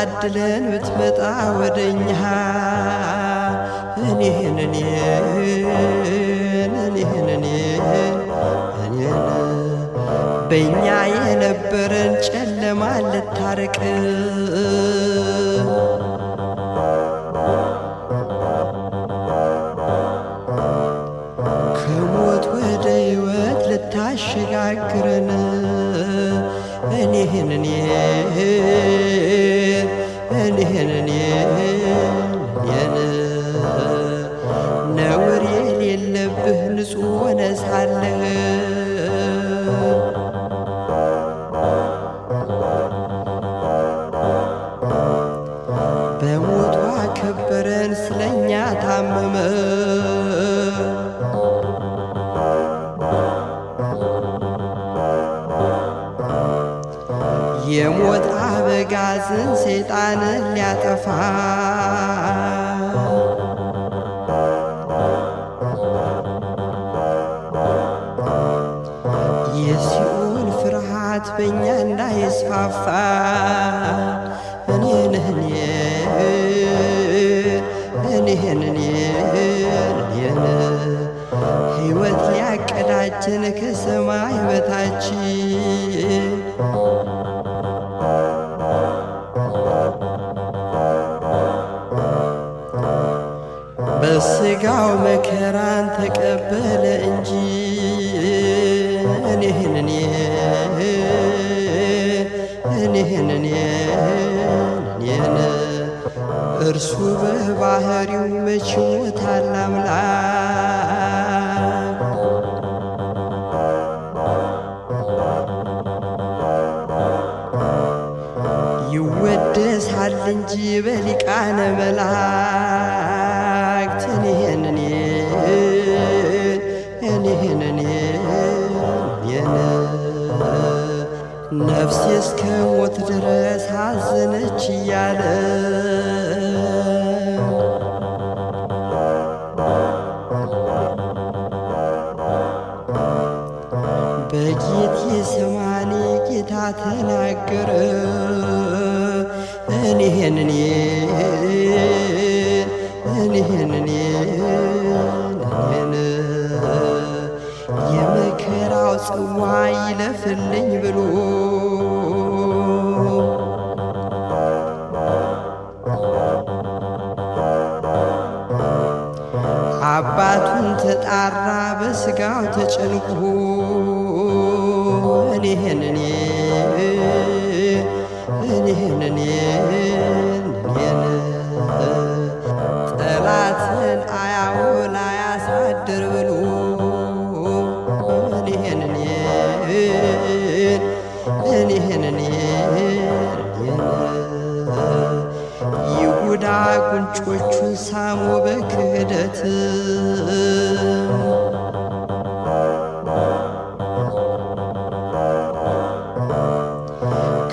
ታድለን ብትመጣ ወደኛ እኔን እኔን እኔን እኔን በእኛ የነበረን ጨለማ ልታርቅ ንጹሕ ሆነ ሳለ በሞቱ አከበረን ስለኛ ታመመ የሞት አበጋዝን ሰይጣንን ሊያጠፋ ክፋት በእኛ እንዳይስፋፋ እኔንህን እኔህንን የን ሕይወት ሊያቀዳችን ከሰማይ በታች በስጋው መከራን ተቀበለ እርሱ በባህሪው መችሞታል አምላክ ይወደሳል እንጂ በሊቃነ መላእክት እኒህንን ነፍሴ እስከ ሞት ድረስ አዘነች እያለ ጽዋ ይለፍልኝ ብሎ አባቱን ተጣራ በስጋው ተጨንቆ እኔህን እኔን እኔህን ይህንን ይሁዳ ጉንጮቹ ሳሞ በክህደት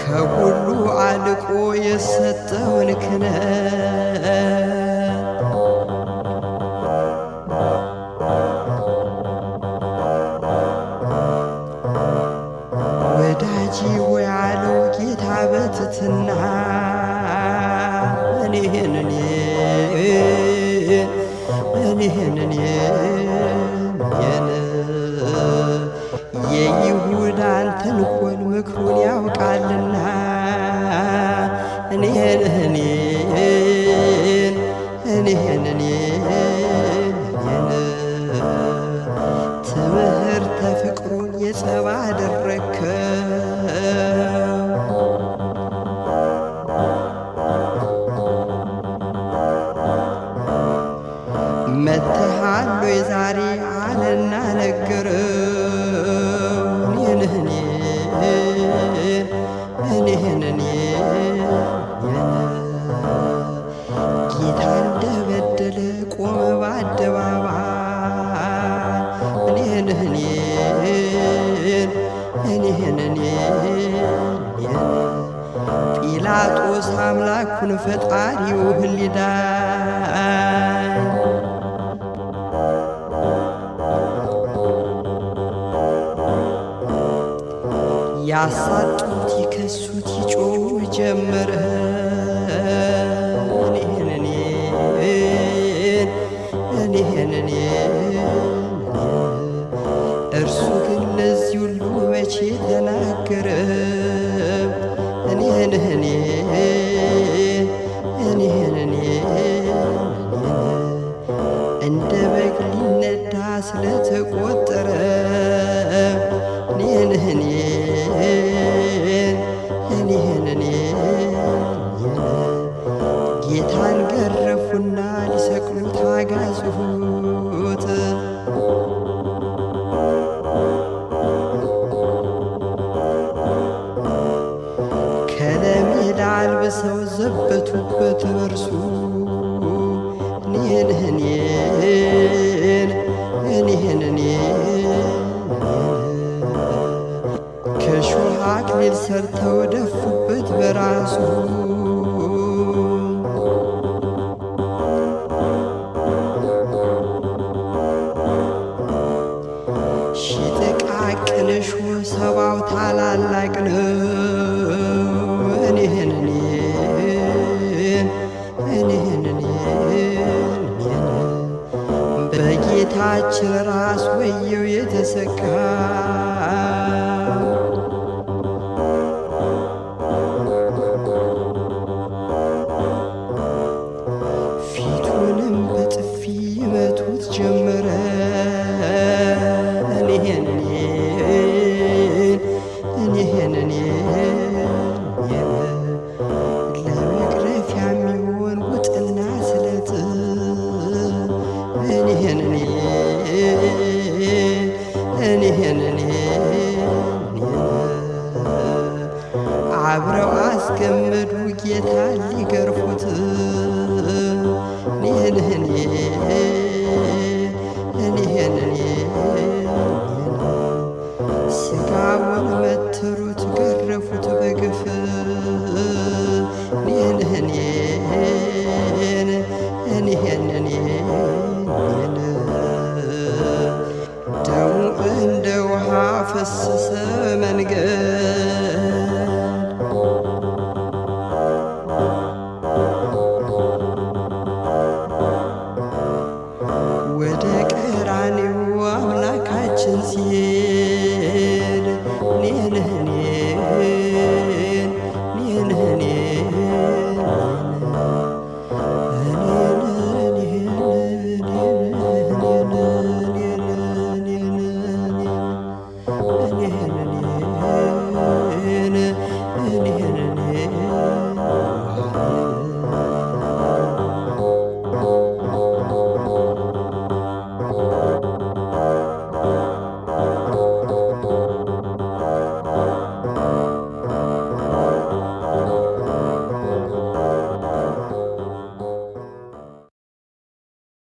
ከሁሉ አልቆ ይህንን ትምህርተ ፍቅሩን የጸባ አደረከው መተሃሉ የዛሬ አለና ነገረው ኩን ፈጣሪው ህሊና ያሳጡት ይከሱት ይጮሁ ጀመርህን እኔህንን እኔህንን እርሱ ግን ለዚህ ሁሉ መቼ ተናገረ እኔህንህኔ ይህንን እንደ በግ ሊነዳ ስለተቆጠረ ዘበቱበት በርሱ እኔን እኔን እኔን ከሾህ አክሊል ሰርተው ደፉበት በራሱ ጌታችን ራስ ወየው የተሰካ ይህንን አብረው አስገመዱ ጌታ ሊገርፉት ይህንን ይህንን ስጋውን መትሩት ገረፉት በግፍ